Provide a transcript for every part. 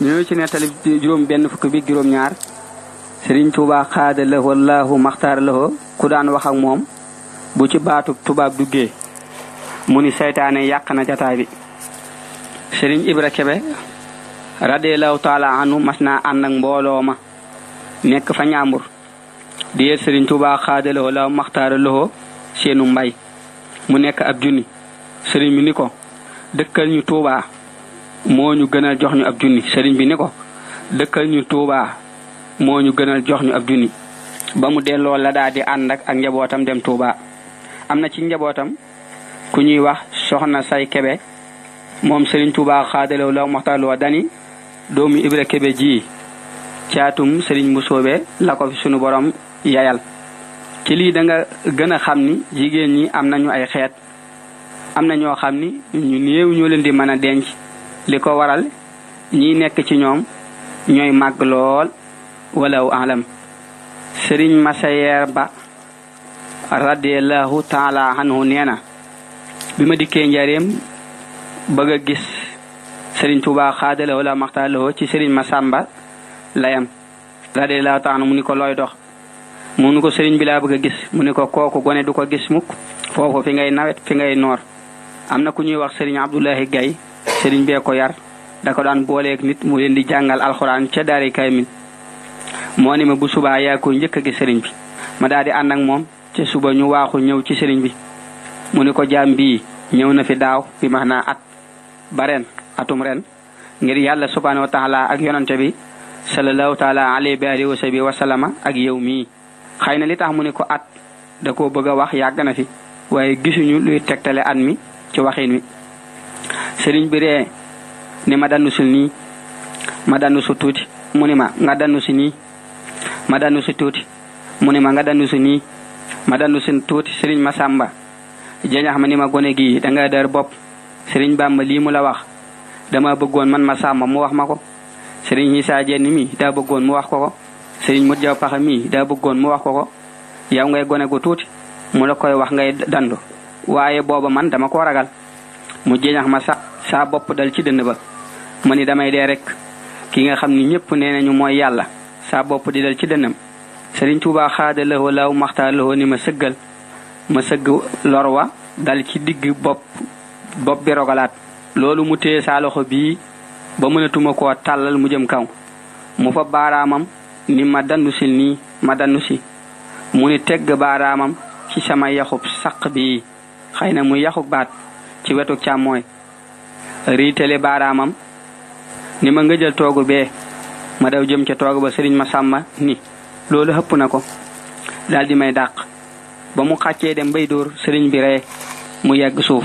ñooñu ci nettali juróom benn fukk bi juróom ñaar Sëriñ Tuubaa xaada la wallaahu maxtaar la ku daan wax ak moom bu ci baatu tubaab duggee mu ni seytaane yàq na jataay bi Sëriñ Ibra Kebe radiyallahu taala anu mas naa ànd ak mbooloo ma nekk fa ñaambur di yeet Sëriñ Tuubaa xaada la wallaahu la seenu mbay mu nekk ab junni sëriñ bi ni ko dëkkal ñu moo ñu gënal jox ñu ab junni sëriñ bi ni ko dëkkal ñu Tuubaa moo ñu gënal jox ñu ab junni ba mu delloo la daa di ànd ak ak njabootam dem Tuubaa am na ci njabootam ku ñuy wax soxna say kebe moom sëriñ Tuubaa xaadalewu law maxtaar wa dani doomu Ibra Kebe ji caatum sëriñ Mbusoobe la ko fi sunu borom yayal ci lii da nga xam ni jigéen ñi am nañu ay xeet am na ñoo xam ni ñu néew ñoo leen di mën a denc li ko waral ñiy nekk ci ñoom ñooy màgg lool walaw alam sëriñ masayeer ba radiallahu taala anhu nee na bi ma dikkee njareem bëgg a gis sëriñ Tuubaa xaadalawoo la maxtaalawoo ci sëriñ Masamba layam radiallahu taala mu ni ko looy dox mu ni ko sëriñ bilaa laa bëgg a gis mu ni ko kooku gone du ko gis mukk foofu fi ngay nawet fi ngay noor am na ku ñuy wax sëriñ Abdoulahi Gaye sëriñ bee ko yar da ko daan booleeg nit mu leen di jàngal alxuraan ca daari kaamil moo ni ma bu subaa yaa koy njëkk a gis sëriñ bi ma daal di ànd ak moom ca suba ñu waaxu ñëw ci sëriñ bi mu ni ko jaam bii ñëw na fi daaw bi max naa at ba ren atum ren ngir yàlla subhaanahu wa taala ak yonante bi sallallahu taala alayhi wa alihi wa ak yow mii xëy na li tax mu ni ko at da koo bëgg a wax yàgg na fi waaye gisuñu luy tegtale at mi ci waxin wi sëriñ bi ree ni ma dannu nii ma dannu su tuuti mu ni ma nga dannu si nii ma dannu si tuuti mu ni ma nga dannu si nii ma dannu si tuuti sëriñ ma sàmba jañax ma ni ma gone gi da nga dar bopp sëriñ Bàmba lii mu la wax dama bëggoon man ma sàmba mu wax ma ko sëriñ Isaa Jeen mi daa bëggoon mu wax ko ko sëriñ Mut Jaw Paxa mi bëggoon mu wax ko ko yow ngay gone gu tuuti mu la koy wax ngay dandu waaye booba man dama ko ragal mu jëñax ma sa saa bopp dal ci dënn ba ma ni damay dee rekk ki nga xam ni ñëpp nee nañu mooy yàlla saa bopp di dal ci dënnam Sëriñ Tuubaa xaada lawoo laaw maxtaar lawoo ni ma sëggal ma sëgg lor wa dal ci digg bopp bopp bi rogalaat loolu mu téye saa loxo bii ba mënatuma koo tàllal mu jëm kaw mu fa baaraamam ni ma dandu si nii ma dandu si mu ni tegg baaraamam ci sama yaxu saq bi xëy na mu yaxu baat ci wetu càmmooy riitale baaraamam ni ma ngëjal toogu be ma daw jëm ca toogu ba sëriñ ma sàmma ni loolu hëpp na ko daldi may dàq ba mu xàccee dem bay door sëriñ bi ree mu yegg suuf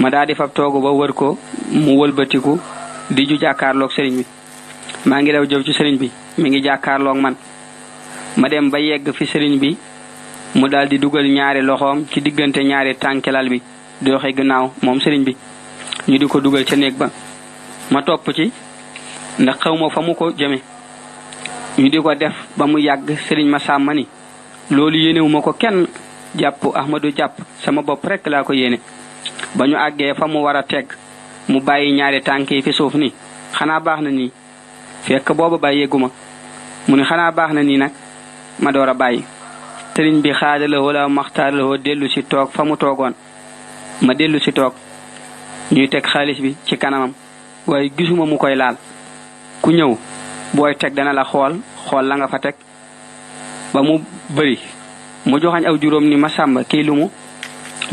ma daldi fab toogu ba wër ko mu wëlbatiku di ju jàkkaarloog sëriñ bi maa ngi daw jëw ci sëriñ bi mu ngi jàkkaarloog man ma dem ba yegg fi sëriñ bi mu daldi dugal ñaari loxoom ci diggante ñaari tànkilal bi di doxee gannaaw moom sëriñ bi ñu di ko dugal ca néeg ba ma topp ci ndax xaw ma fa mu ko jëme ñu di ko def ba mu yàgg sëriñ ma sàmma ni loolu yéenewuma ko kenn jàpp ahmadu jàpp sama bopp rekk laa ko yéene ba ñu àggee fa mu war a teg mu bàyyi ñaari tànk yi fi suuf ni xanaa baax na nii fekk booba bàyyeegu ma mu ni xanaa baax na nii nag ma door a bàyyi sëriñ bi xaadalawoo la maxtaaralawoo dellu si toog fa mu toogoon ma dellu si toog ñuy teg xaalis bi ci kanamam waaye gisuma mu koy laal ku ñëw booy teg dana la xool xool la nga fa teg ba mu bari mu joxañ aw juróom ni ma sàmba kii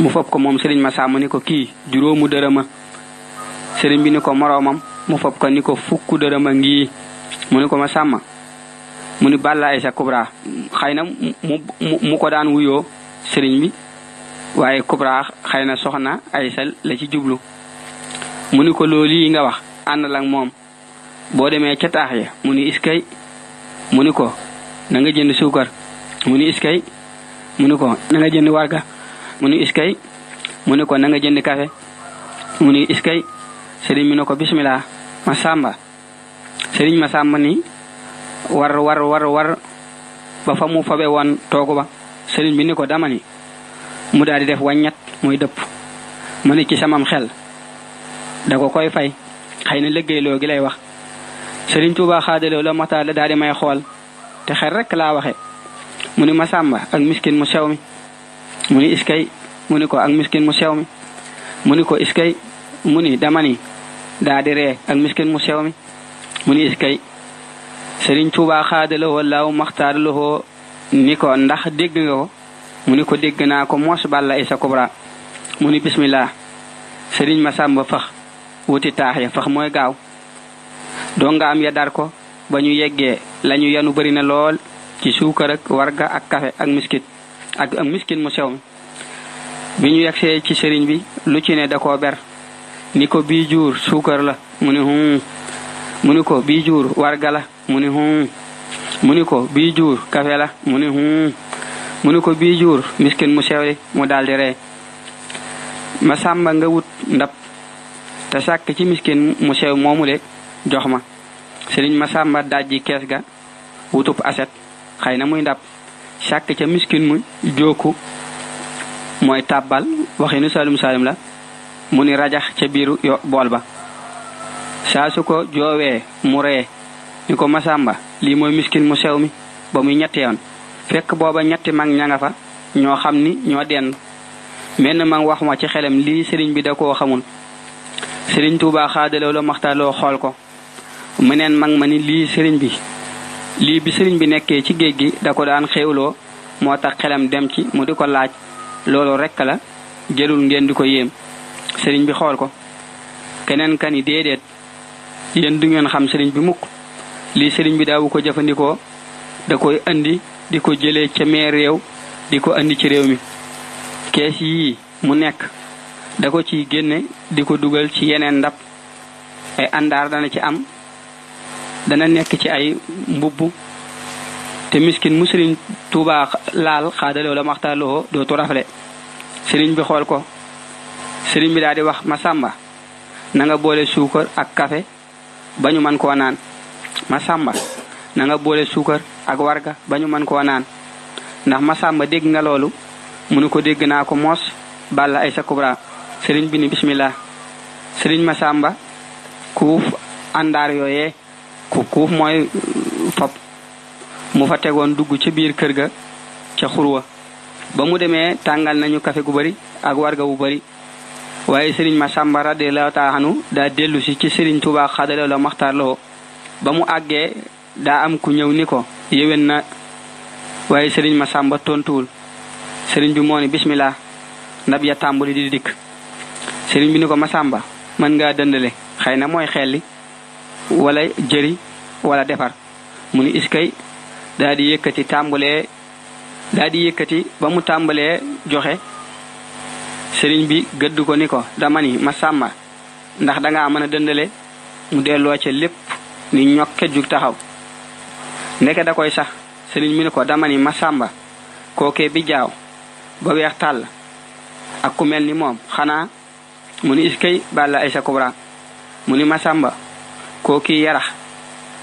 mu fob ko moom sëriñ ma sàmba ni ko kii juróomu dërëma sëriñ bi ni ko moroomam mu fob ko ni ko fukku dërëma ngii mu ni ko ma sàmba mu ni bàlla sa kubra xay na mu mu ko daan wuyoo sëriñ bi waaye kubra xëy na soxna sal la ci jublu mu ni ko loolu yi nga wax ànd lang moom boo demee ca taax ya mu ni iskay mu ni ko na nga jënd suukar mu iskay mu na nga jënd warga mu ni iskay mu na nga jënd kafe mu ni iskay sëriñ mi ne ko bismillah ma sàmba sëriñ ma sàmba ni war war war war ba fa fabe woon toogu ba sëriñ bi ni dama ni mu daal di def wàññat muy dëpp mu ne ci samam xel da ko koy fay xëy na liggéeyloo gi lay wax Sëriñ Tuubaa xaadaloo la motaar la daal di may xool te xel rek laa waxe mu ni ak miskin mu sew mi mu ni iskay mu ni ko ak miskin mu sew mu ni ko iskay mu ni dama ni daa ak miskin mu sew mi mu iskay Sëriñ Tuubaa xaadaloo laaw maxtaar loxoo ni ko ndax dégg nga ko mu ni ko dégg naa ko moos Balla sa Kubra mu ni bismillah sëriñ Masamba fax wuti taax ya fax mooy gaaw doo nga am ya dar ko ba ñu yeggee lañu yanu bari na lool ci suukar ak warga ak kafe ak miskit ak ak miskit mu sew mi bi ñu yegsee ci sëriñ bi lu ci ne da koo ber ni ko bii juur suukar la mu ni hum mu ni ko bii juur warga la ni ko bii juur kafe la mu ni hum mu bijur ko bi miskin mu sewri mu daldi ree ma samba nga wut ndab ta sak ci miskin mu sew momule jox ma serigne ma samba dajji kess ga wutup aset xayna muy ndab sak ci miskin mu moy tabal waxe ni salim salim la mu ni rajax ci biiru yo bol ba sa su ko jowe mu re ni ko masamba li moy miskin mu sew mi ba muy fekk booba ñetti mag ña fa ñoo xam ni ñoo dend menn mag wax ma ci xelem lii sëriñ bi da koo xamul sëriñ Tuubaa xaadaloo la xool ko mu neen mag ma ni lii sëriñ bi lii bi sëriñ bi nekkee ci géej gi da ko daan xéewloo moo tax xelem dem ci mu di ko laaj loolu rekk la jëlul ngeen di ko yéem sëriñ bi xool ko keneen ka ni déedéet yéen du ngeen xam sëriñ bi mukk lii sëriñ bi daawu ko jëfandikoo da koy indi di ko jëlee ca meer réew di ko andi ci réew mi kees yii mu nekk da ko ciy génne di ko dugal ci yeneen ndab ay àndaar dana ci am dana nekk ci ay mbubb te miskin mu sëriñ tuubaa laal xaadaloo la maxtaaloo dootu rafle sëriñ bi xool ko sëriñ bi daal di wax ma sàmba na nga boole suukar ak kafe bañu ñu man koo naan ma sàmba na boole suukar ak warga ba ñu mën koo naan ndax Masamba dégg nga loolu mu ni ko dégg naa ko moos balla ay sa kubra sëriñ bi ni bismillah sëriñ sàmba kuuf àndaar yooye ku kuuf mooy fop uh, mu fa tegoon dugg ci biir kër ga ca xurwa ba mu demee tàngal nañu kafe gu bari ak warga bu bari waaye sëriñ Masamba radiyallahu taala anhu daa dellu si ci sëriñ Tuubaa xadaloo la maxtaar loo ba mu àggee daa am ku ñëw ni ko yéwén na waaye sëriñ ma sàmba tontuwul sëriñ bi moo ni bismillah ndab ya tàmbali di dikk sëriñ bi ni ko ma sàmba mën ngaa dëndale xëy na mooy xelli walla jëri wala defar mu ni iskay daal di yëkkati tàmbalee daldi di yëkkati ba mu tàmbalee joxe sëriñ bi gëdd ko ni ko dama ni ma sàmba ndax dangaa mën a dëndale mu delloo ca lépp ni ñokke jug taxaw ndeke da koy sax sëriñ mu ne ko dama ni sàmba kookee bi jaaw ba weex tàll ak ku mel ni moom xanaa mu ni iskay balla ay sa kubra mu ni Masamba kookii yarax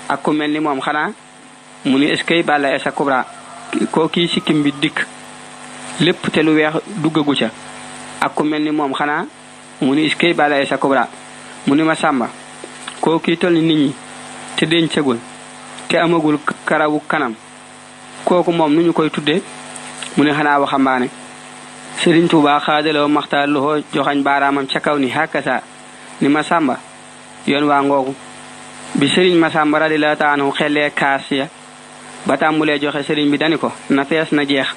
ak ku mel ni moom xanaa mu ni iskay balla ay sa kubra sikkim bi dikk lépp te lu weex duggagu ca ak ku mel ni moom xanaa mu ni iskay balla ay sa kubra mu ni ma Masamba kookii toll ni nit ñi te denc te amagul karawu kanam kooku moom nu ñu koy tudde mu ne xanaa waxambaane Sëriñ Tuubaa xaadaloo maxtaar loxoo joxañ baaraamam ca kaw ni hakkasa ni sàmba yoon waa ngoogu bi sëriñ Masamba radiyallahu ta'ala anhu xellee kaas ya ba tàmbulee joxe sëriñ bi dani ko na fees na jeex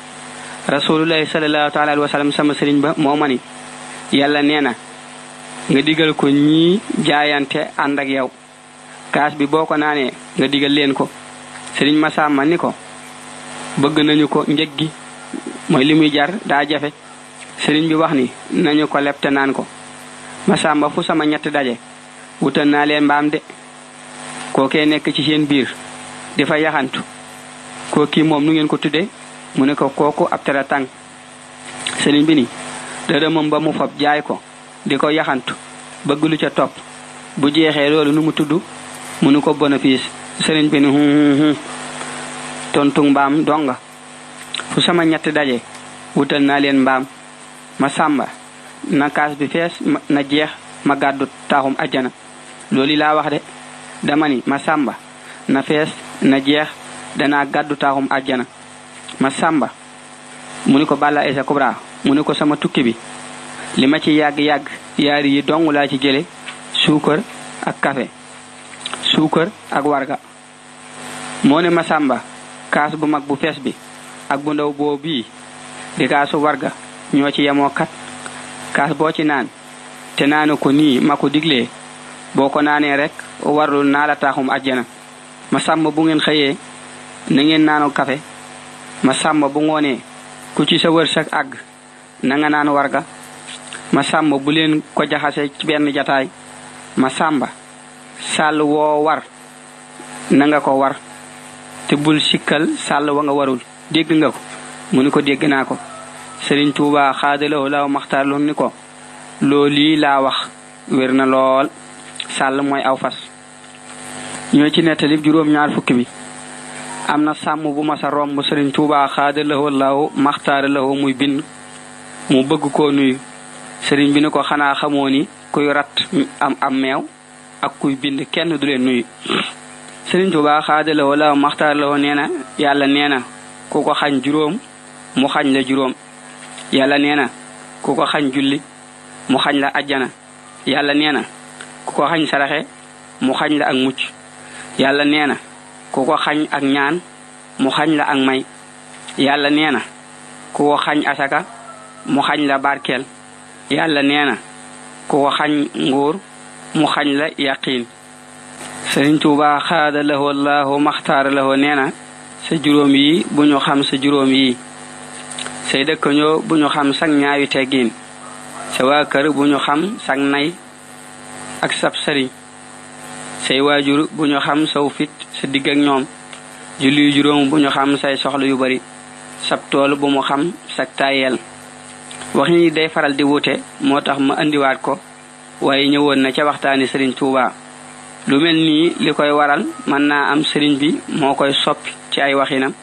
rasulullahi sallallahu taala alayhi wa sama sëriñ ba moo ma ni yàlla nee na nga digal ko ñii jaayante àndak ak yow kaas bi boo ko naanee nga digal leen ko sëriñ Masamba ni ko bëgg nañu ko njëg gi mooy li muy jar daa jafe sëriñ bi wax ni nañu ko leb te naan ko Masamba fu sama ñett daje wutal naa leen mbaam de kookee nekk ci seen biir fa yaxantu kookii moom nu ngeen ko tudde mu ne ko kooku ab tera tànk sëriñ bi ni dërëmam ba mu fab jaay ko di ko yaxantu bëgg lu ca topp bu jeexee loolu nu mu tudd mu ko bénéfice sëriñ bi ni hu tontu mbaam donga fu sama ñett daje wutal naa leen mbaam ma sàmba na kaas bi fees na jeex ma gàddu taaxum ajjana loolu laa wax de dama ma sàmba na fees na jeex danaa gàddu taaxum ajjana ma sàmba mu ni ko balla isa kubra mu ni ko sama tukki bi li ma ci yàgg-yàgg yaari yi dong laa ci jële suukar ak kafe suukar ak warga moo ne Masamba kaas bu mag bu fees bi ak bu ndaw boo bii di kaasu warga ñoo ci yemoo kat kaas boo ci naan te naanu ko nii ma ko diglee boo ko naanee rek warul naa la taaxum ajjana Masamba bu ngeen xëyee na ngeen naanu kafe Masamba bu ngoonee ku ci sa wërsëg àgg na nga naan warga Masamba bu leen ko jaxase ci benn jataay Masamba sàll woo war na nga ko war te bul sikkal sàll wa warul dégg nga ko mu ni ko dégg naa ko Sëriñ Tuubaa xaadalawo laaw maxtaar lu ni ko loolu lii laa wax wér na lool sàll mooy aw fas ñoo ci nettalib juróom ñaar fukki bi am na sàmm bu masa romb Sëriñ Tuubaa xaadalawo laaw maxtaar lawo muy bind mu bëgg ko nuyu sëriñ bi ni ko xanaa xamoo ni kuy rat am meew ak kuy bind kenn du leen nuyu Sëriñ Tuubaa xaadala wala maxtaar la woo nee na yàlla nee na ku xañ juróom mu xañ la juróom yàlla nee na ku ko xañ julli mu xañ la ajjana yàlla nee na ku ko xañ saraxe mu xañ la ak mucc yàlla nee na ku xañ ak ñaan mu xañ la ak may yàlla nee na ku asaka mu xañ la barkeel yàlla neena na ku nguur mu xañ la yaqiin sëriñ tuuba xaada lahoo laahu maxtaara lahoo nee na sa juróom yi bu ñu xam sa juróom yi say dëkkañoo bu ñu xam sag bu ñu xam sag nay ak sab sëriñ say waajur bu ñu xam saw fit sa digg ak ñoom julli juróom bu ñu xam say soxla yu bari sab tool bu mu xam sag tayel wax ñi day faral di wuute moo tax ma indiwaat ko waaye ñëwoon na ca waxtaani sëriñ Tuuba lu mel nii li koy waral mën naa am sëriñ bi moo koy soppi ci ay waxinam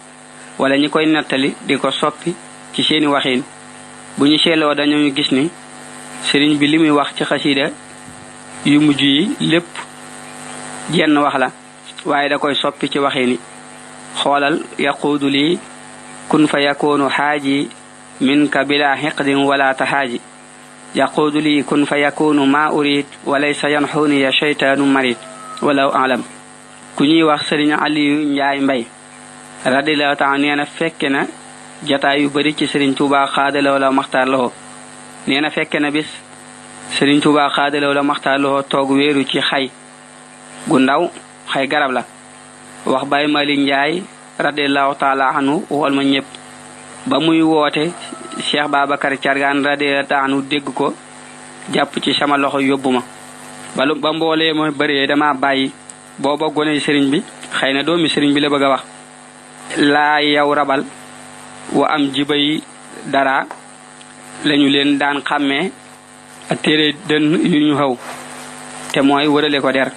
wala ñi koy nattali di ko soppi ci seeni waxin bu ñu seeloo dañu gis ni sëriñ bi li muy wax ci xasida yu mujj yi lépp jenn wax la waaye da koy soppi ci waxin yi xoolal yaquudu lii kun fa yakoonu xaaji min ka bila xiqdin wala taxaaji يقول لي كن فيكون ما أريد وليس ينحوني يا شيطان مريض ولو أعلم كني وخسرين علي نجاين بي رضي الله تعالى فكنا جتا يبري سرين توبا خادل ولا مختار له نينا فكنا بس سرين توبا خادل ولا مختار له توق ويرو كي خي قنداو خي غرب لا وخباي مالي نجاي رضي الله تعالى عنه والمن يب بموي ووتي Cheikh Babacar Cargaan radiyallahu anhu dégg ko jàpp ci sama loxo yóbbu ma balu ba mboolee mooy bëree dama bàyyi booba gone sëriñ bi xëy na doomi sëriñ bi la bëgg a wax laa yow rabal wa am jibay dara lañu leen daan xàmmee ak téere dënn yu ñu xaw te mooy wërale ko der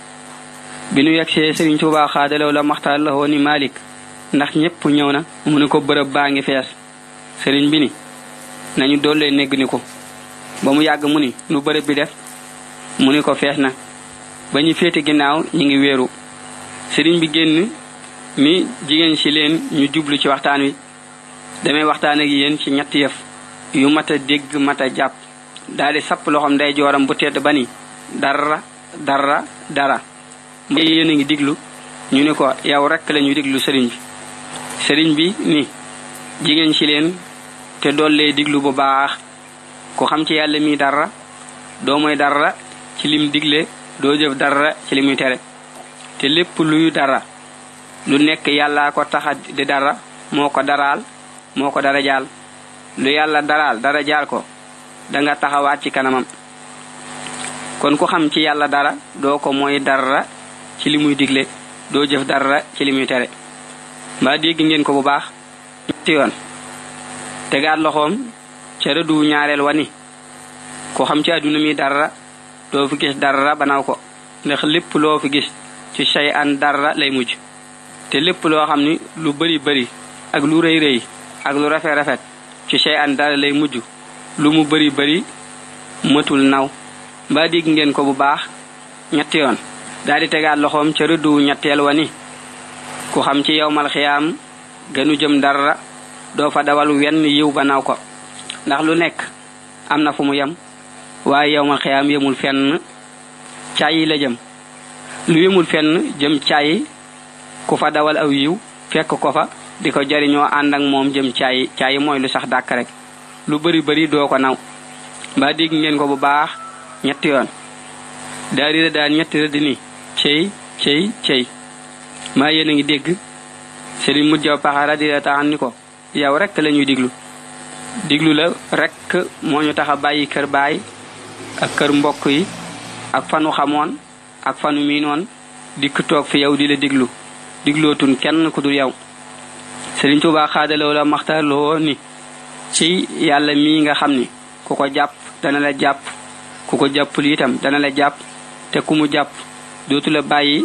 bi nu yegsee sëriñ Tuubaa xaadalaw la la woon ni ndax ñépp ñëw na mu ne ko bërëb baa ngi fees sëriñ bi ni nañu doole négg ni ko ba mu yàgg mu ni lu bërëb bi def mu ni ko fees na ba ñu féete ginnaaw ñu ngi wéeru sëriñ bi génn mi jigéen ci leen ñu jublu ci waxtaan wi damay waxtaan ak yéen ci ñett yëf yu mat a dégg mat a jàpp daldi sapp loxoom day jooram bu tedd ba ni dara dara dara mbay yéen a ngi diglu ñu ni ko yow rekk lañu diglu sëriñ bi sëriñ bi ni jigéen si leen te dool dollee diglu bu baax ku xam ci yàlla mi dara doo moy dara ci lim digle doo jëf dara ci li tere te lépp luy dara lu nekk yàllaa ko taxa di dara moo ko daraal moo ko dara jaal lu yàlla daraal dara jaal ko danga taxawaat ci kanamam kon ku xam ci yàlla dara doo ko mooy dara ci li muy digle doo jëf dara ci li muy ngeen ko bu baax ñetti yoon tegaat loxoom ca rëdduwu ñaareel wani ko xam ci àdduna mi dara doo fi gis dara banaw ko ndax lépp loo fi gis ci say an dara lay mujj te lépp loo xam ni lu bari bari ak lu rëy rëy ak lu rafet rafet ci say an dara lay mujj lu mu bari bari mëtul naw mbaa dégg ngeen ko bu baax ñetti yoon daldi tegaat loxoom ca rëdduwu ñetteel wani ku xam ci yowmal xiyaam gënu jëm dara doo fa dawal wenn yiw ba ko ndax lu nekk am na fu mu yam waaye yowmal xiyaam yemul fenn yi la jëm lu yemul fenn jëm caayi ku fa dawal aw yiw fekk ko fa di ko jariñoo ànd ak moom jëm caayi caayi mooy lu sax dàkk rek lu bari bari doo ko naw ba dégg ngeen ko bu baax ñetti yoon daari rë daan ñetti rëdd ni cey cey cey maa yéen a ngi dégg sëriñ mujjaw paxa radiyallahu ta'ala ni ko yow rek lañuy diglu diglu la rek moo ñu taxa bayyi kër bay ak kër mbokk yi ak fanu xamoon ak fanu miinoon dikk toog fi yow di la diglu diglootun kenn ku dul yow serigne touba khadalo la lo ni ci yalla mi nga xamni ni ku ko dana la japp ku ko li itam dana la japp te ku mu jàpp dootu la bayyi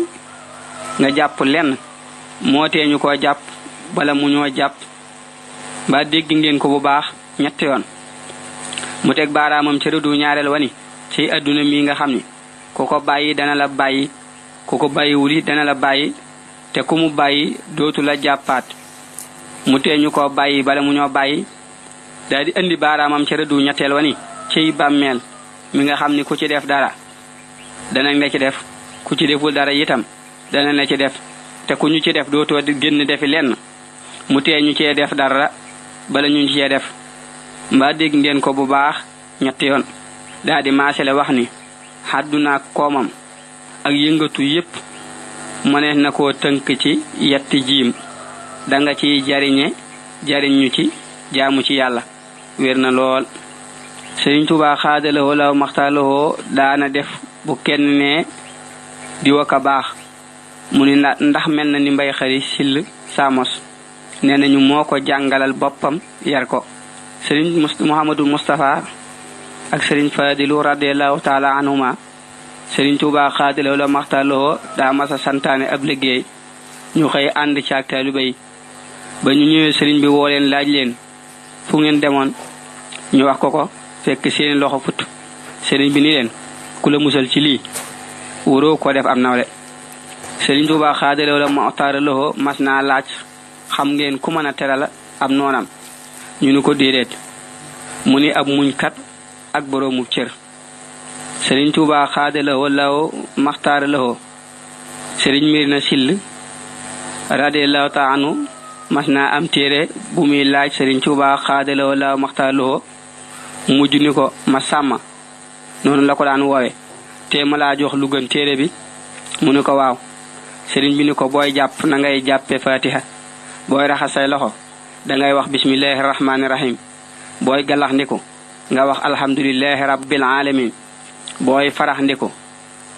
nga japp len moo tee ñu koo bala mu ñoo mbaa dégg ngeen ko bu baax ñetti yoon mu teg baaraamam ca rëdu ñaareel wani ci adduna mii nga xam ni ku ko bàyyi dana la bàyyi ku ko bàyyiwul yi dana la bàyyi te ku mu bàyyi dootul a jàppaat mu teeñu ko bàyyi bala mu ñoo bàyyi daldi indi baaraamam ca rëdu ñetteel wani ciy bàmmeel mi nga xam ni ku ci def dara danañ la ci def ku ci deful dara itam dana la ci def te ku ñu ci def dootoo génn defi lenn mu tee ñu cee def dara bala ñu cee def mbaa dégg ngeen ko bu baax ñetti yoon daa di maasale wax ni xàddunaak koomam ak yëngatu yépp mënees na koo tënk ci yetti jiim danga ci jariñe jariñu ci jaamu ci yàlla wér na lool Sëriñ Tuubaa xaadalawoo law maxtaalawoo daana def bu kenn ne di waka baax mu ni ndax mel na ni mbay xari sill saamos nee ñu moo ko jàngalal boppam yar ko sëriñ Muhammadu Moustapha ak sëriñ Fadilu radiallahu taala anhuma sëriñ Tuubaa xaadalaw la maxtaloo daa masa santaane ab liggéey ñu xëy ànd ci ak taalibe yi ba ñu ñëwee sëriñ bi woo laaj leen fu ngeen demoon ñu wax ko ko fekk seen loxo fut sëriñ bi ni leen ku la musal ci lii waroo ko def am nawle sëriñ Tuubaa xaadalaw la maxtaloo mas naa laaj xam ngeen ku mën a teral ab noonam ñu ni ko déedéet mu ni ab muñkat ak boroomub cër sëriñ Tuubaa xaada lawo lawo maxtaara lawo sëriñ Mirina Sill radiallahu taala anhu mas naa am téere bu muy laaj sëriñ Tuubaa xaada lawo lawo maxtaara mujj ni ko ma sàmma noonu la ko daan woowe te ma laa jox lu téere bi mu ni ko waaw sëriñ bi ni ko booy jàpp na ngay jàppe fatiha booy raxas say loxo dangay wax bismillahi rahmaani rahim booy galax ndiku nga wax alhamdulilahi rabbil alamin booy farax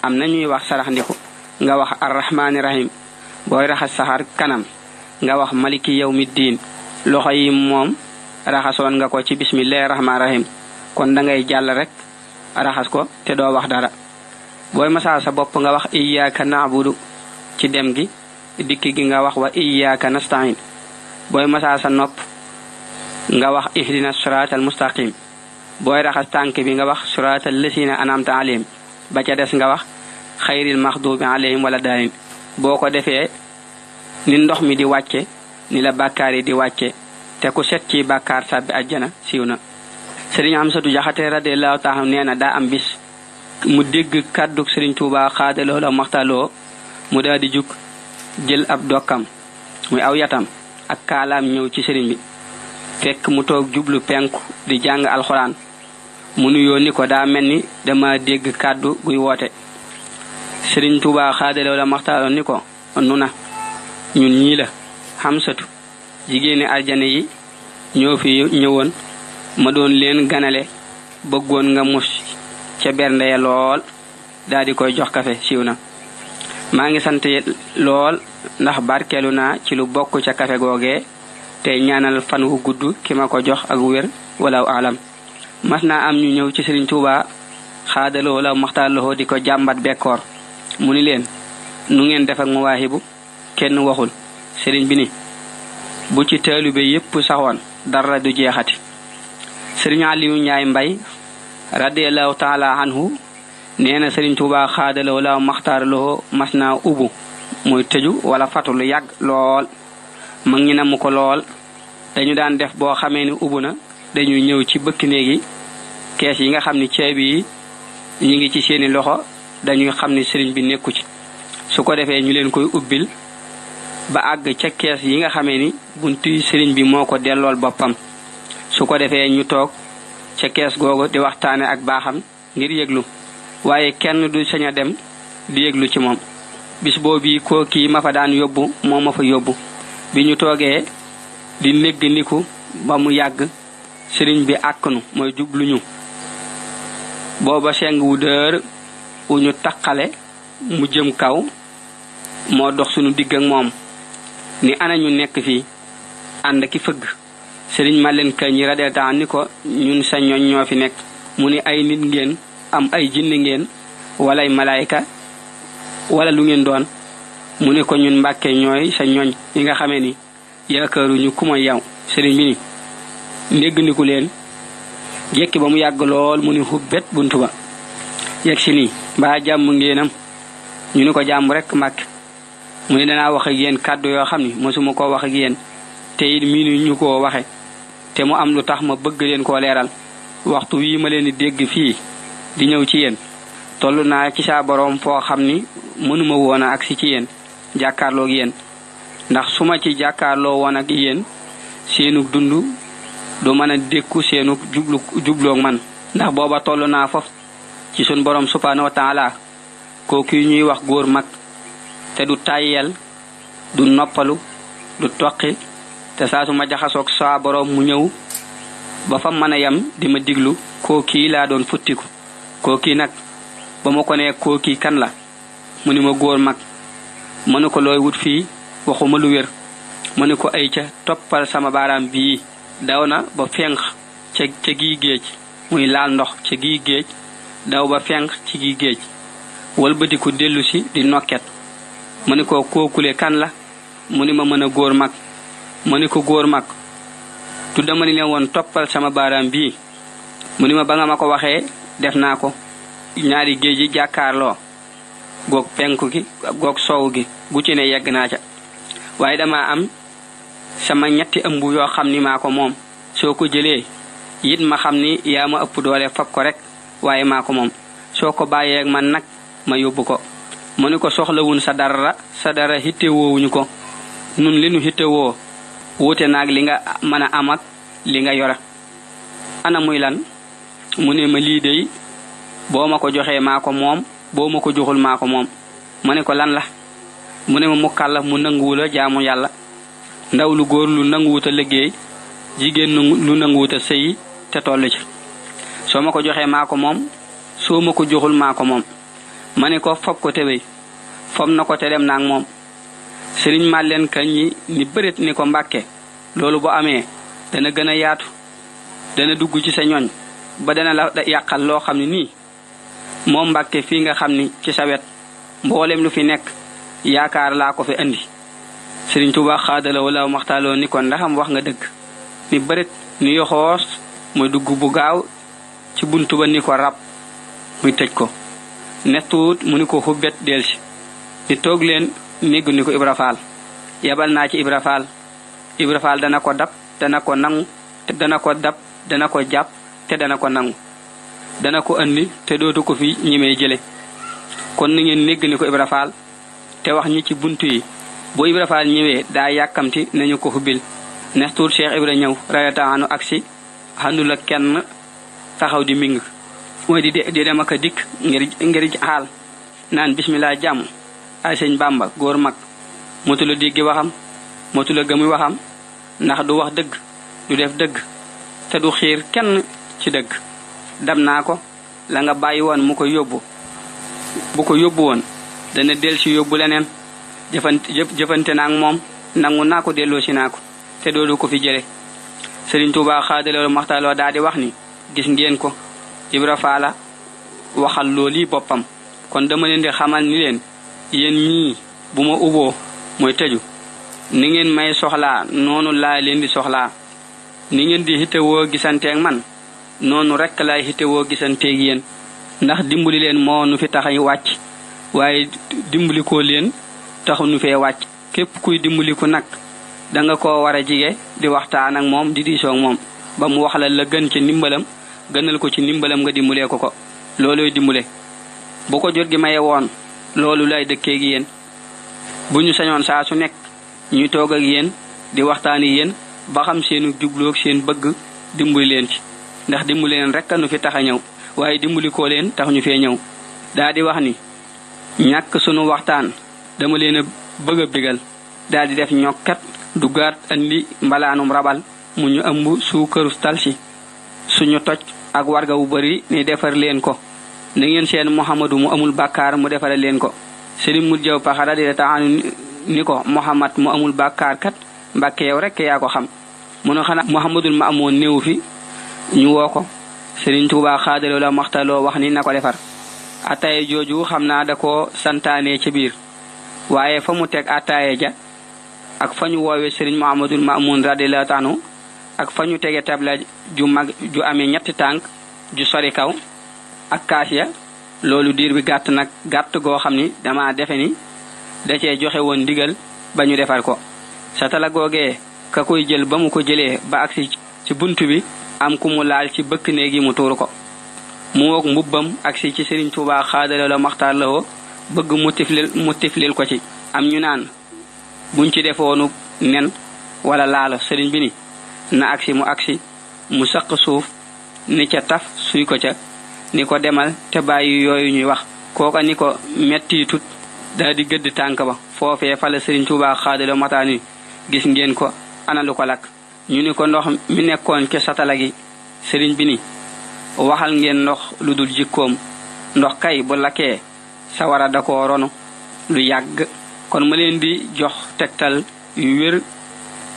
am na ñuy wax sarax ndiku nga wax arrahmaani rahim booy raxas saxaar kanam nga wax maliki yawmi diin loxo yi moom raxasoon nga ko ci bismillahi rahmaani rahim kon dangay jàll rek raxas ko te doo wax dara booy masaa sa bopp nga wax iyyaka na'budu ci dem gi dikki gi nga wax wa iyyaka nasta'in booy masaa sa nopp nga wax ihdina siraatal mustaqim booy raxas tànk bi nga wax siraatal lasiina an'amta alayhim ba ca des nga wax xayril maxduubi alayhim wala daalin boo ko defee ni ndox mi di wàcce ni la bàkkaar yi di wàcce te ku set ci bàkkaar sàbbi ajjana siiw na sëriñ Amsatu Jaxate radiyallahu taala nee na daa am bis mu dégg kàddug sëriñ Tuubaa xaadaloo la maxtaloo mu daal di jug jël ab dokkam muy aw yatam ak kaalaam ñëw ci sëriñ bi fekk mu toog jublu penku di jàng alxuraan mu nuyoo ni ko daa mel ni dama dégg kàddu guy woote sëriñ Tuubaa xaadalew la maxtaaroon ni ko nu na ñun ñii la xamsatu jigéeni aljane yi ñoo fi ñëwoon ma doon leen ganale bëggoon nga mus ca bernde lool daal koy jox kafe siiw na maa ngi sant lool ndax barkeelu naa ci lu bokk ca kafe googe te ñaanal fan wu gudd ki ma ko jox ak wér walaw alam mas naa am ñu ñëw ci Sëriñ Tuuba xaadaloo la maxtaaloo di ko jàmbat bekkoor mu ni leen nu ngeen mu ak bu kenn waxul sëriñ bi ni bu ci taalibe yépp saxoon dara du jeexati sëriñ Aliou Njaay Mbay radiallahu taala anhu nee na Sëriñ Tuuba xaadaloo la maxtaaloo mas naa ubu mooy tëju wala fatu lu yàgg lool mag ñi namm ko lool dañu daan def boo xamee ni ubbu na dañuy ñëw ci bëkk néegi kees yi nga xam ni ceeb yi ñu ngi ci seeni loxo dañuy xam ni sëriñ bi nekku ci su ko defee ñu leen koy ubbil ba àgg ca kees yi nga xamee ni buntuy sëriñ bi moo ko dellool boppam su ko defee ñu toog ca kees googu di waxtaane ak baaxam ngir yëglu waaye kenn du sañ a dem di yéglu ci moom bis boobu koo kii ma fa daan yóbbu moo ma fa yóbbu bi ñu toogee di négg niku ba mu yàgg sëriñ bi àkknu mooy jubluñu booba seng wu dër wu ñu taqale mu jëm kaw moo dox sunu digg ak moom ni ñu nekk fii ànd ki fëgg sëriñ ma leen ñi yi radetaan ni ko ñun sa ñoñ ñoo fi nekk mu ni ay nit ngeen am ay jinni ngeen walay malaayka wala lu ngeen doon mu ne ko ñun mbàkke ñooy sa ñooñ yi nga xamee ni yaakaaruñu ku ma yow sëriñ bi ni ndéggandiku leen jekki ba mu yàgg lool mu ni xubbet buntu ba yegg si nii mbaa jàmm ngeenam ñu ni ko jàmm rek mbàkke mu ni danaa wax ak kàddu yoo xam ni mosuma koo wax ak yéen te it ñu koo waxe te mu am lu tax ma bëgg leen koo leeral waxtu wii ma leen di dégg fii di ñëw ci yéen tollu naa ci saa borom foo xam ni mënuma woon ak si ci yéen ak yéen ndax su ma ci jàkkaarloo woon ak yéen seenug dund du mën a dékku seenug jublu jubloog man ndax booba tollu naa fof ci sun borom subhanahu wa taala kooku ñuy wax góor mag te du tàyyel du noppalu du toqi te saa su ma jaxasoog saa borom mu ñëw ba fa mën yam di ma diglu kookii laa doon futtiku nag ba ma ko kii kan la mu ni ma góor mag ma ne ko looy wut fii waxuma lu wér ma ne ko ay ca toppal sama baaraam bii daw na ba fenq ca ca gii géej muy laal ndox ca gii géej daw ba fenq ci gii géej walbatiku dellu si di nokket ma ne ko kookule kan la mu ni ma mën a góor mag mu ne ko góor mag tu dama ni leen woon toppal sama baaraam bii mu ni ma ba nga ma ko waxee def naa ko ñaari géej yi jàkkaarloo goog penku gi goog sow gi gu ci ne yegg naa ca waaye dama am sama ñetti ëmb yoo xam ni maa ko moom soo ko jëlee it ma xam ni yaa ma ëpp doole fab ko rek waaye maa ko moom soo ko bàyyeeg man nag ma yóbbu ko mu ni ko soxlawun sa dara sa dara hittewoowuñu ko nun li nu hittewoo wuute naag li nga mën a am li nga yora ana muy lan mu ne ma lii boo ma ko joxee maako moom boo ma ko joxul maako moom ma ne ko lan la mu ne ma mukallaf mu nanguwula jaamu yàlla ndaw lu góor lu nanguwuta liggéey jigéen lu nanguwuta sëyi te toll ci soo ma ko joxee maa ko moom soo ma ko joxul maa ko moom ma ne ko fob ko tewey fob na ko te dem naag moom sëriñ ma leen kañ ñi ni bërit ni ko mbàkke loolu boo amee dana gën a yaatu dana dugg ci sa ñooñ ba dana la yàqal loo xam ne nii moo mbàkke fii nga xam ni ci sawet wet mboolem lu fi nekk yaakaar laa ko fi indi Sëriñ Tuubaa xaadala wala maxtaloo ni ko ndaxam wax nga dëgg ni bërit ni yoxoos mooy dugg bu gaaw ci buntu ba ni ko rab muy tëj ko nestuut mu ni ko xubbet delsi ni toog leen néggu ni ko Ibra Faal yabal naa ci Ibra Faal dana ko dab dana ko nangu te dana ko dab dana ko jàpp te dana ko nangu dana ko andi te dootu ko fi ñemee jële kon na ngeen négg ni ko Ibra Faal te wax ñi ci bunt yi boo Ibra Faal ñëwee daa yàkkamti nañu ko xubbil nestuur Cheikh Ibra ñëw rayataanu aksi xandu la kenn taxaw di ming mooy di di a dikk ngir ngir xaal naan bismillah jàmm ay sëñ Bàmba góor mag motula déggi waxam motula gëmuy waxam ndax du wax dëgg du def dëgg te du xiir kenn ci dëgg dam naa ko la nga bàyyi woon mu ko yóbbu bu ko yóbbu woon dana del si yóbbu leneen jëfante jëfante naa moom nangu naa ko delloo si naa ko te doodu ko fi jële Sëriñ Tuubaa xaadaloo maxtaloo daal di wax ni gis ngeen ko Ibra Faala waxal loolu boppam kon dama leen di xamal ni leen yéen ñii bu ma uboo mooy tëju ni ngeen may soxlaa noonu laa leen di soxlaa ni ngeen di hittewoo gisanteeg man noonu rekk laay xitewoo gisanteeg yéen ndax dimbali leen moo nu fi taxay wàcc waaye dimbali ko leen taxu nu fee wàcc képp kuy dimbali ku nag danga ko war a jige di waxtaan ak moom di diisoo moom ba mu wax la la gën ci ndimbalam gënal ko ci ndimbalam nga dimbalee ko ko looloy dimbale bu ko jot gi maye woon loolu lay dëkkeeg yéen bu ñu sañoon saa su nekk ñuy toog ak yéen di waxtaan yéen ba xam seenu jubloog seen bëgg dimbali leen ci ndax dimbali leen rek nu fi tax a ñëw waaye dimbali koo leen tax ñu fee ñëw daa di wax ni ñàkk sunu waxtaan dama leen a bëgg a bégal daa di def ñokkat duggaat andi mbalaanum rabal mu ñu ëmb suukaru talsi suñu toj ak warga wu bari ni defar leen ko na ngeen seen Muhammadu mu amul bàkkaar mu defare leen ko sëriñ mu jaw paxara di taanu ni ko Muhammad mu amul bàkkaar kat mbàkke yow yaa ko xam mu ne xanaa Muhammadul ma amoon néew fi ñu woo ko Sëriñ Tuubaa xaadaloo la maxtaloo wax ni na ko defar attaaye jooju xam naa da ko santaane ci biir waaye fa mu teg attaaye ja ak fa ñu woowee Sëriñ Muhammadul Maamun radiyallahu taanu ak fa ñu tege tabla ju mag ju amee ñetti tànk ju sori kaw ak kaas loolu diir bi gàtt nag gàtt goo xam ni dama defe ni da cee joxe woon ndigal ba ñu defar ko satala googee ka koy jël ba mu ko jëlee ba agsi ci bunt bi am ku mu laal ci bëkk néeg yi mu tuuru ko mu woog mbubbam ak ci Sëriñ Tuubaa xaadala la maxtaar la woo bëgg mu tiflil ko ci am ñu naan buñ ci defoonu nen wala laalo sëriñ bi ni na agsi mu agsi mu saq suuf ni ca taf suy ko ca ni ko demal te bàyyi yooyu ñuy wax kooka ni ko metti tut daa di gëdd tànk ba foofee fala Sëriñ Tuubaa xaadala mataani gis ngeen ko analu ko lakk ñu ni ko ndox mi nekkoon ca satala gi sëriñ bi ni waxal ngeen ndox lu dul jikkoom ndox kay bu lakkee sawara da ko ronu lu yàgg kon ma leen di jox tegtal yu wér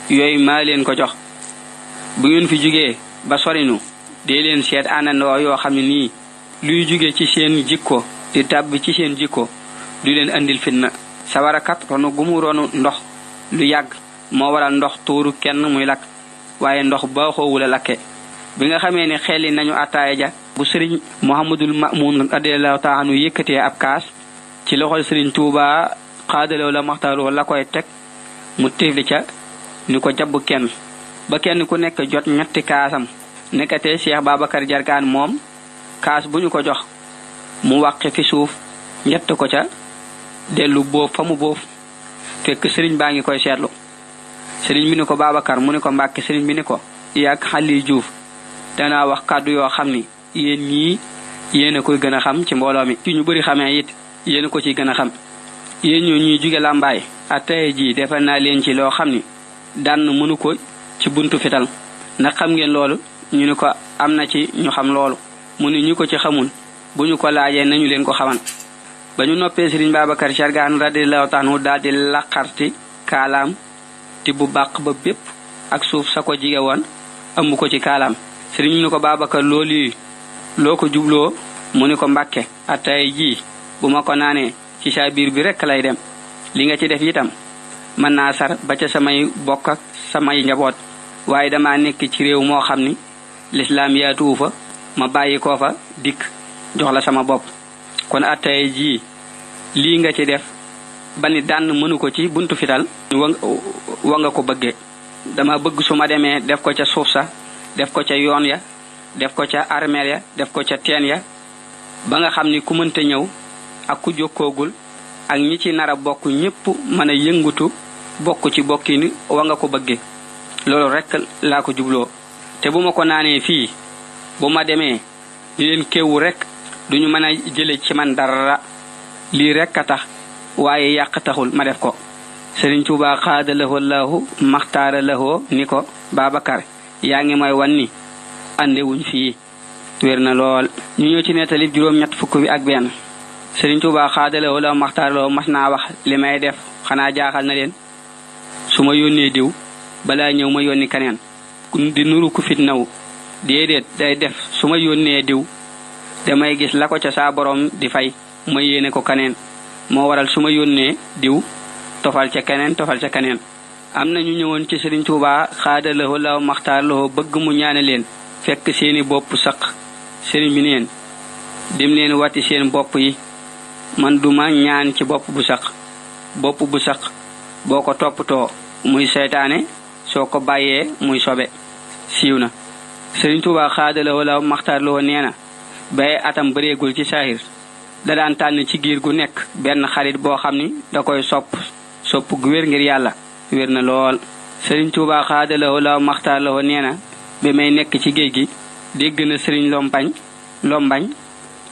yooyu ma leen ko jox bu ngeen fi jógee ba sorinu dee leen seet àndandoo yoo xam ne nii luy jóge ci seen jikko di tàbb ci seen jikko du leen indil fitna sawara kat ronu gumu ronu ndox lu yàgg moo waral ndox tuuru kenn muy lakk waaye ndox baaxoowul a lakke bi nga xamee ne xelli nañu ataaya ja bu sëriñ Muhammadul Mamun radiyallahu taala nu yëkkatee ab kaas ci loxol sëriñ Tuubaa xaadalaw la maxtaaroo la koy teg mu tifli ca ni ko jabb kenn ba kenn ku nekk jot ñetti kaasam nekkate Cheikh Babacar Jargaan moom kaas bu ñu ko jox mu wàqi fi suuf njett ko ca dellu boof fa mu boof fekk sëriñ baa ngi koy seetlu sëriñ bi ni ko Babacar mu ni ko Mbàkke sëriñ bi ni ko yàgg xali Juuf danaa wax kàddu yoo xam ni yéen ñii yéen a koy gën a xam ci mbooloo mi ci ñu bëri xamee it yéen ko ciy gën a xam yéen ñoo ñuy jóge làmbaay ataye ji defal naa leen ci loo xam ni dànn mënu ko ci buntu fital ndax xam ngeen loolu ñu ni ko am na ci ñu xam loolu mu ni ñu ko ci xamul bu ñu ko laajee nañu leen ko xaman ba ñu noppee sëriñ Babacar Cargaan radiyallahu taala daal di laqarti tibbu bàq ba bépp ak suuf sa ko jige woon ëmb ko ci kaalaam sëriñ ni ko baabaka loolu loo ko jubloo mu ni ko mbàkke attaay ji bu ma ko naanee ci saa biir bi rekk lay dem li nga ci def itam mën naa sar ba ca samay bokk ak samay njaboot waaye dama nekk ci réew moo xam ni lislaam yaatuwu fa ma bàyyi koo fa dikk jox la sama bopp kon attaay ji lii nga ci def ba ni dànn mënu ko ci buntu fital wa nga ko bëggee dama bëgg su ma demee def ko ca suuf sa def ko ca yoon ya def ko ca armeel ya def ko ca teen ya ba nga xam ni ku mënta ñëw ak ku jokkoogul ak ñi ci nar a bokk ñépp mën a yëngutu bokk ci bokkini wa nga ko bëggee loolu rekk laa ko jubloo te bu ma ko naanee fii bu ma demee li leen kéewu rekk duñu mën a jële ci man dara lii rekk a tax waaye yàq taxul ma def ko Sëriñ Tuubaa xaada lahoo laahu maxtaara lahoo ni ko Baabakar yaa ngi may wan ni àndewuñ fii wér na lool ñu ñëw ci nettali juróom ñett fukk bi ak benn Sëriñ Tuubaa xaada lahoo laahu maxtaara mas naa wax li may def xanaa jaaxal na leen su ma yónnee diw balaa ñëw ma yónni keneen di nuru ku fitnawu déedéet day def su ma yónnee diw damay gis la ko ca saa borom di fay ma yéene ko keneen moo waral su ma yónnee diw tofal ca keneen tofal ca keneen am na ñu ñëwoon ci Sëriñ Tuubaa xaada lawo law maxtaar lawo bëgg mu ñaane leen fekk seeni bopp saq sëriñ bi neen dem leen seen bopp yi man duma ñaan ci bopp bu saq bopp bu saq boo ko toppatoo muy seytaane soo ko bàyyee muy sobe siiw na Sëriñ Tuubaa xaada lawo law maxtaar lawo nee na bay atam bëreegul ci saahir da daan tànn ci giir gu nekk benn xarit boo xam ni da koy sopp sopp gu wér ngir yàlla wér na lool sëriñ Tuubaa xaadalawoo law nee na bi may nekk ci géej gi dégg na sëriñ lombañ lombañ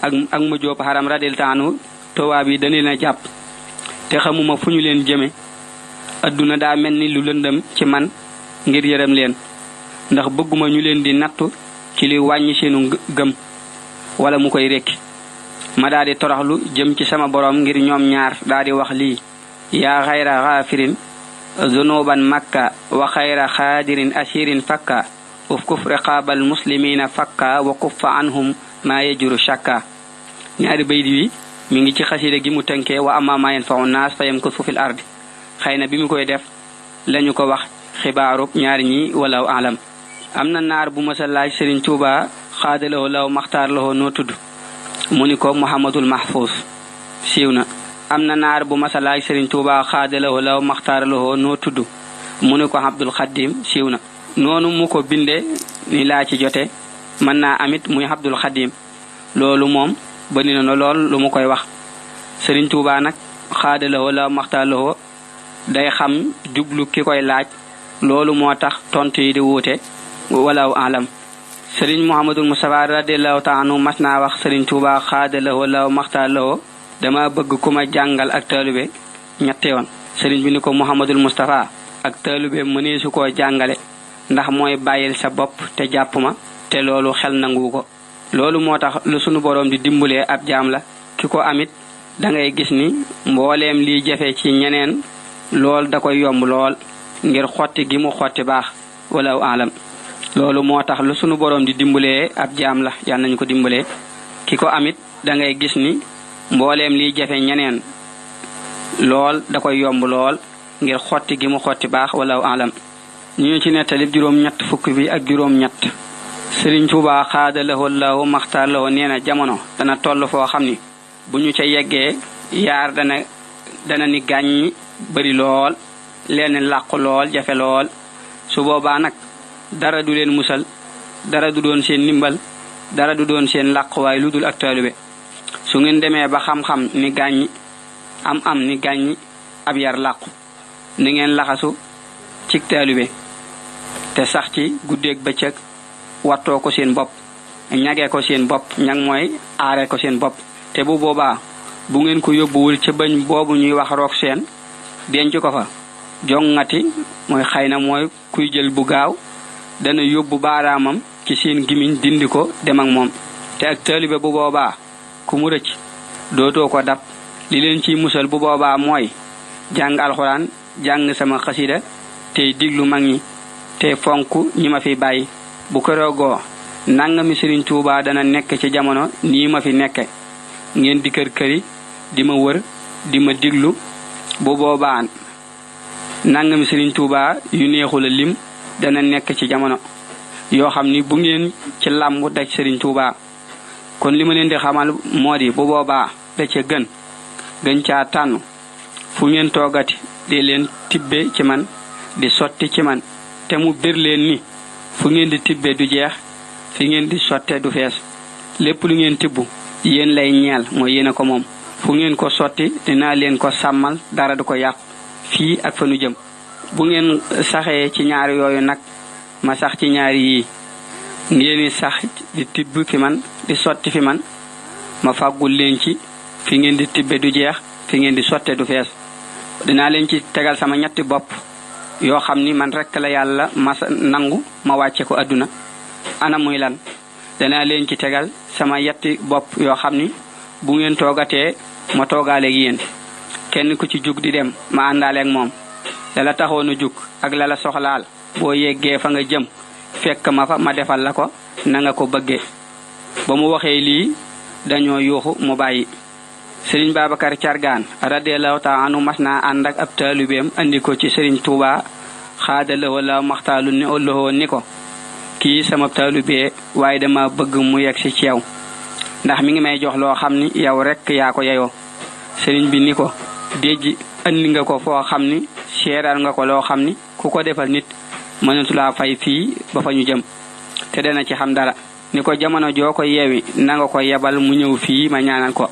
ak ak mu jóob xaram radil taanu yi dañu leen jàpp te xamuma fu ñu leen jëme adduna daa mel ni lu lëndëm ci man ngir yërëm leen ndax bëgguma ñu leen di nattu ci li wàññi seenu gëm wala mu koy rekki ma daa di toroxlu jëm ci sama borom ngir ñoom ñaar daa di wax lii yaa xayra xaafirin zunuban makka wa xayra xaadirin asirin fakka uf kuf riqaaba almuslimina fakka wa kuffa anhum ma yajuru shakka ñaari bayt wi mi ngi ci xasida gi mu tënkee wa amma ma yanfau naas fa yamkusu fil ard xëy na bi mu koy def lañu ko wax xibaarub ñaari ñi wala alam am na naar bu mësa laaj sërigne touba xaadaloo law maxtaar loo noo tudd mu ni ko muhammadul mahfuus siiw na am na naar bu masalaaj sëriñ tuuba xaadalawoo law maxtaaralawoo noo tudd mu ni ko abdul xaddim siiw na noonu mu ko binde ni laa ci jote mën naa amit muy abdul xaddim loolu moom bari na lool lu mu koy wax sëriñ tuuba nag xaadalawoo law maxtaaralawoo day xam jublu ki koy laaj loolu moo tax tontu yi di wuute walaw alam sëriñ muhammadul mustafaa radiallahu taala anhu mas naa wax sëriñ tuubaa xaada lahoo law maxtaa lahoo dama bëgg ku ma jàngal ak taalube ñetti yoon sëriñ bi ni ko muhammadul mustafaa ak taalube mëneesu ko jàngale ndax mooy bàyyil sa bopp te jàpp ma te loolu xel nangu ko loolu moo tax lu sunu boroom di dimbalee ab jaam la ki ko amit dangay gis ni mbooleem liy jafe ci ñeneen lool da koy yomb lool ngir xotti gi mu xotti baax walaw alam loolu moo tax lu sunu borom di dimbalee ab jaam la yàlla nañu ko dimbalee ki ko amit dangay gis ni mbooleem liy jafe ñeneen lool da koy yomb lool ngir xotti gi mu xotti baax wala alam ñu ngi ci nettalib juróom-ñett fukk bi ak juróom-ñett Sëriñ Tuubaa xaadalawoo lawo maxtaarlawoo nee na jamono dana toll foo xam ni bu ñu ci yeggee yaar dana dana ni gàññi bari lool lenn làqu lool jafe lool su nag dara du leen musal dara du doon seen ndimbal dara du doon seen làquwaay lu dul ak taalibe su ngeen demee ba xam-xam ni gàññi am-am ni gàññi ab yar làqu ni ngeen laxasu cig taalibe te sax ci guddeek ba bëccëg wattoo ko seen bopp ñagee ko seen bopp ñag mooy aaree ko seen bopp te bu boobaa bu ngeen ko yóbbuwul ca bañ boobu ñuy wax roog seen denc ko fa jongati mooy xëy na mooy kuy jël bu gaaw dana yóbbu baaraamam ci seen gimiñ dindi ko dem ak moom te ak taalibe bu boobaa ku mu rëcc dootoo ko dab li leen ciy musal bu boobaa mooy jàng alxuraan jàng sama xasida tey diglu mag ñi te fonk ñi ma fi bàyyi bu këroogoo nangami Sëriñ Tuubaa dana nekk ci jamono nii ma fi nekke ngeen di kër këri di ma wër di ma diglu bu boobaa nangami Sëriñ Tuubaa yu neexula lim dana nekk ci jamono yoo xam ni bu ngeen ci làmb daj Sëriñ Tuubaa kon li ma leen di xamal moodi bu boobaa da ca gën gën caa tànn fu ngeen toggati di leen tibbe ci man di sotti ci man te mu bir leen ni fu ngeen di tibbe du jeex fi ngeen di sotte du fees lépp lu ngeen tibb yéen lay ñeel mooy yéen ko moom fu ngeen ko sotti dinaa leen ko sàmmal dara di ko yàqu fii ak fa nu jëm bu ngeen saxé ci ñaar yoyu nak ma sax ci ñaar yi ngeen sax di tibb fi man di sotti fi man ma fagul leen ci fi ngeen di tibbe du jeex fi ngeen di sotte du fess dina leen ci tegal sama ñetti bop yo xamni man rek la yalla ma nangu ma wacce ko aduna ana muy lan danaa leen ci tegal sama yetti bop yo xamni bu ngeen togaté ma togalé yeen kenn ku ci jug di dem ma ak mom lala taxoon a jug ak lala soxlaal boo yeggee fa nga jëm fekk ma fa ma defal la ko na nga ko bëggee ba mu waxee lii dañoo yuuxu mu bàyyi sëriñ Babacar Cargaan radiallahu taala anu mas naa ànd ak ab taalubeem indi ko ci sëriñ Tuuba xaadalawoo la maxtaalu ni ëllëxoo ni ko kii sama taalubee waaye dama bëgg mu yegg si ci yow ndax mi ngi may jox loo xam ni yow rekk yaa ko yeyoo sëriñ bi ni ko déjji andi nga ko foo xam ni seeraal nga ko loo xam ni ku ko defal nit mënatulaa fay fii ba fa ñu jëm te dana ci xam dara ni ko jamono joo ko yeewi nanga ko yebal mu ñëw fii ma ñaanal ko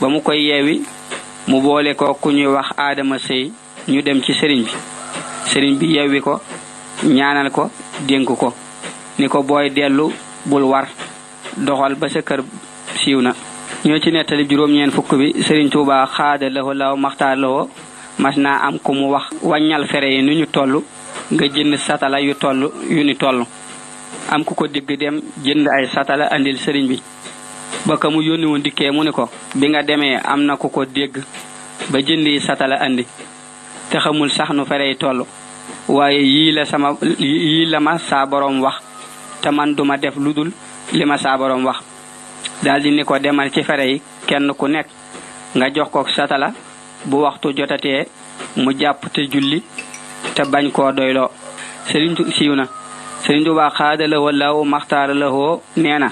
ba mu koy yeewi mu boole ko ku ñuy wax aadama sëy ñu dem ci sëriñ bi sëriñ bi yeewi ko ñaanal ko dénk ko ni ko booy dellu bul war doxal ba sa siiw na ñoo ci nettali juróom-ñeen fukk bi sëriñ Tuubaa xaada lawo law maxtaar lawo mas naa am ku mu wax wàññal fere yi nu ñu toll nga jënd satala yu toll yu ni toll am ku ko dégg dem jënd ay satala andil sëriñ bi ba ko mu yónni woon mu ni ko bi nga demee am na ku ko dégg ba jëndi satala andi te xamul sax nu fere yi toll waaye yii la sama yii la ma saa boroom wax te man duma def lu dul li ma saa boroom wax daldi ni ko demal ci fere yi kenn ku nekk nga jox ko satala bu waxtu jotatee mu jàpp te julli te bañ koo doyloo sëriñ siiw na sëriñ Tuubaa xaada la wallaahu maxtaara nee na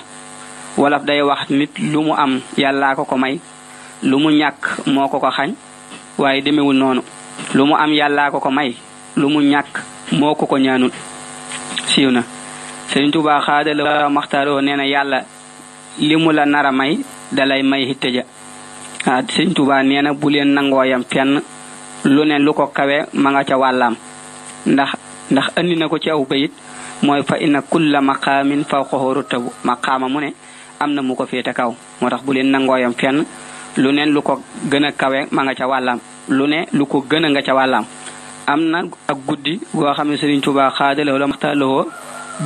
wolof day wax nit lu mu am yàllaa ko ko may lu mu ñàkk moo ko ko xañ waaye demewul noonu lu mu am yàllaa ko ko may lu mu ñàkk moo ko ko ñaanul siiw na sëriñ Tuubaa xaada la la woo nee yàlla li mu la nara may dalay may hitte ah sëñ Tuubaa nee na bu nangoo yam fenn lu ne lu ko kawe ma nga ca wàllaam ndax ndax na ko ci aw bayit mooy fa inna kulla fa fawqahu rutabu maqaama mu ne am na mu ko féete kaw moo tax bu leen nangooyam fenn lu ne lu ko gën a kawe ma nga ca wàllaam lu ne lu ko gën a nga ca wàllaam am na ak guddi goo xam ne Sëriñ Tuubaa xaadalewoo la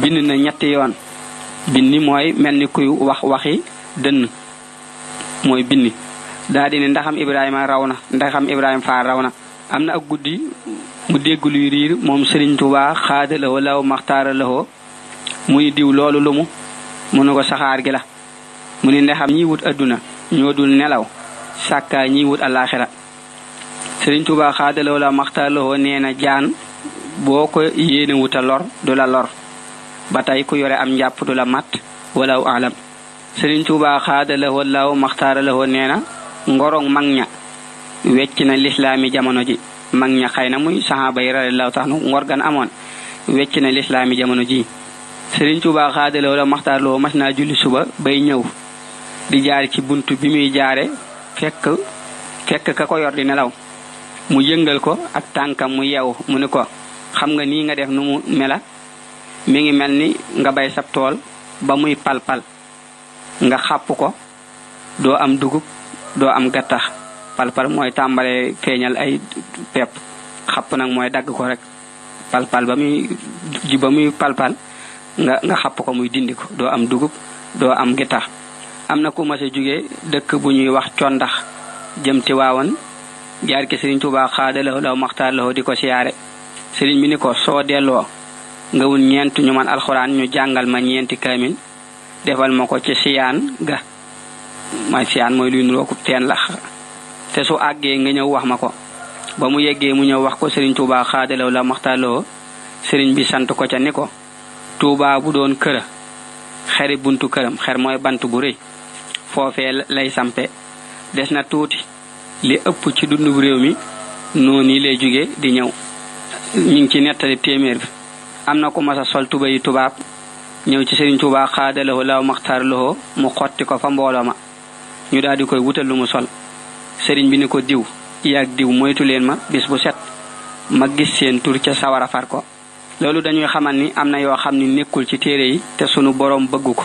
bind na ñetti yoon bindi mooy mel ni kuy wax waxi dënn mooy bindi daa di ne ndaxam Ibrahima raw na ndaxam Ibrahima Faal raw na am na ak guddi mu dégg moom Sëriñ Tuubaa xaada la law maxtaara la mu ni diw loolu lumu mu mu ko saxaar gi mu ni ndaxam ñi wut adduna ñoo dul nelaw sàkkaa ñi wut alaxira Sëriñ Tuubaa xaada la law maxtaara la nee jaan boo ko yéene wuta a lor du la lor ba ku yore am njàpp du la mat walaw alam Sëriñ Tuubaa xaada law maxtaara la nee ngorong mag ña wecc na lislaami jamono ji mag ña xëy na muy saxaaba yi radiallahu taala ngor gan amoon wecci na lislaami jamono ji Sëriñ Tuubaa xaadaloo la maxtaarloo mas naa julli suba bay ñëw di jaar ci bunt bi muy jaare fekk fekk ka ko yor di nelaw mu yëngal ko ak tànkam mu yeewu mu ni ko xam nga nii nga def nu mela mi ngi mel ni nga bay sab tool ba muy palpal nga xàpp ko doo am dugub do am gattax palpal moy tàmbalee feeñal ay pep xap nak moy dag ko rek palpal pal muy ji bami pal palpal nga nga xap ko muy dindi ko am dugub do am gittax am naku ma sa dek dekk bu ñuy wax ciondax jëm waawon jaar ke serigne touba khadalahu law maxtaarlaho di ko siyaare sëriñ bi ni ko so delo nga wun ñent ñu man alcorane ñu jangal ma ñent kamil defal mako ci siyan ga mooy siyaan mooy luy nuroo ku teen lax te su àggee nga ñëw wax ma ko ba mu yeggee mu ñëw wax ko sëriñ Tuubaa xaadalaw la maxtaaloo sëriñ bi sant ko ca ni ko Tuubaa bu doon këra xeri buntu xer mooy bant bu rëy foofee lay sampe des na tuuti li ëpp ci dundub réew mi noonu lay jóge di ñëw ñu ngi ci nettali téeméer bi ci sëriñ Tuubaa xaadalaw la mu xotti ko fa mbooloo ma ñu daal di koy wutal lu mu sol sëriñ bi ni ko diw ak diw moytu leen ma bis bu set ma gis seen tur ca sawara far ko loolu dañuy xamal ni am na yoo xam ni nekkul ci téere yi te sunu boroom bëgg ko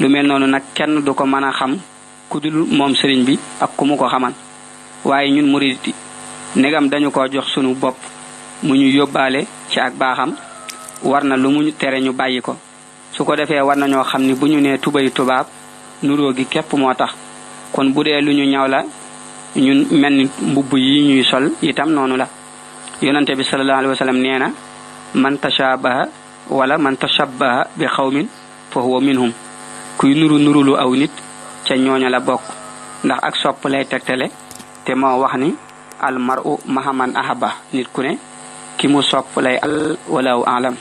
lu mel noonu nag kenn du ko mën a xam ku dul moom sëriñ bi ak ku mu ko xamal waaye ñun murid ndegam dañu ko jox sunu bopp mu ñu yóbbaale ci ak baaxam war na lu mu tere ñu bàyyi ko su ko defee war nañoo xam ni bu ñu nee tubay tubaab nuroo gi képp moo tax kon bu dee lu ñu ñaw la ñun mel ni mbubb yi ñuy sol itam noonu la yonante bi sallallahu alayhi wa sallam nee na man tashabaha wala man tashabaha bi xawmin fa huwa minhum kuy nuru nurulu aw nit ca ñooña la bokk ndax ak sopp lay tegtale te moo wax ni al mar'u mahaman ahaba nit ku ne ki mu sopp lay al walaw alam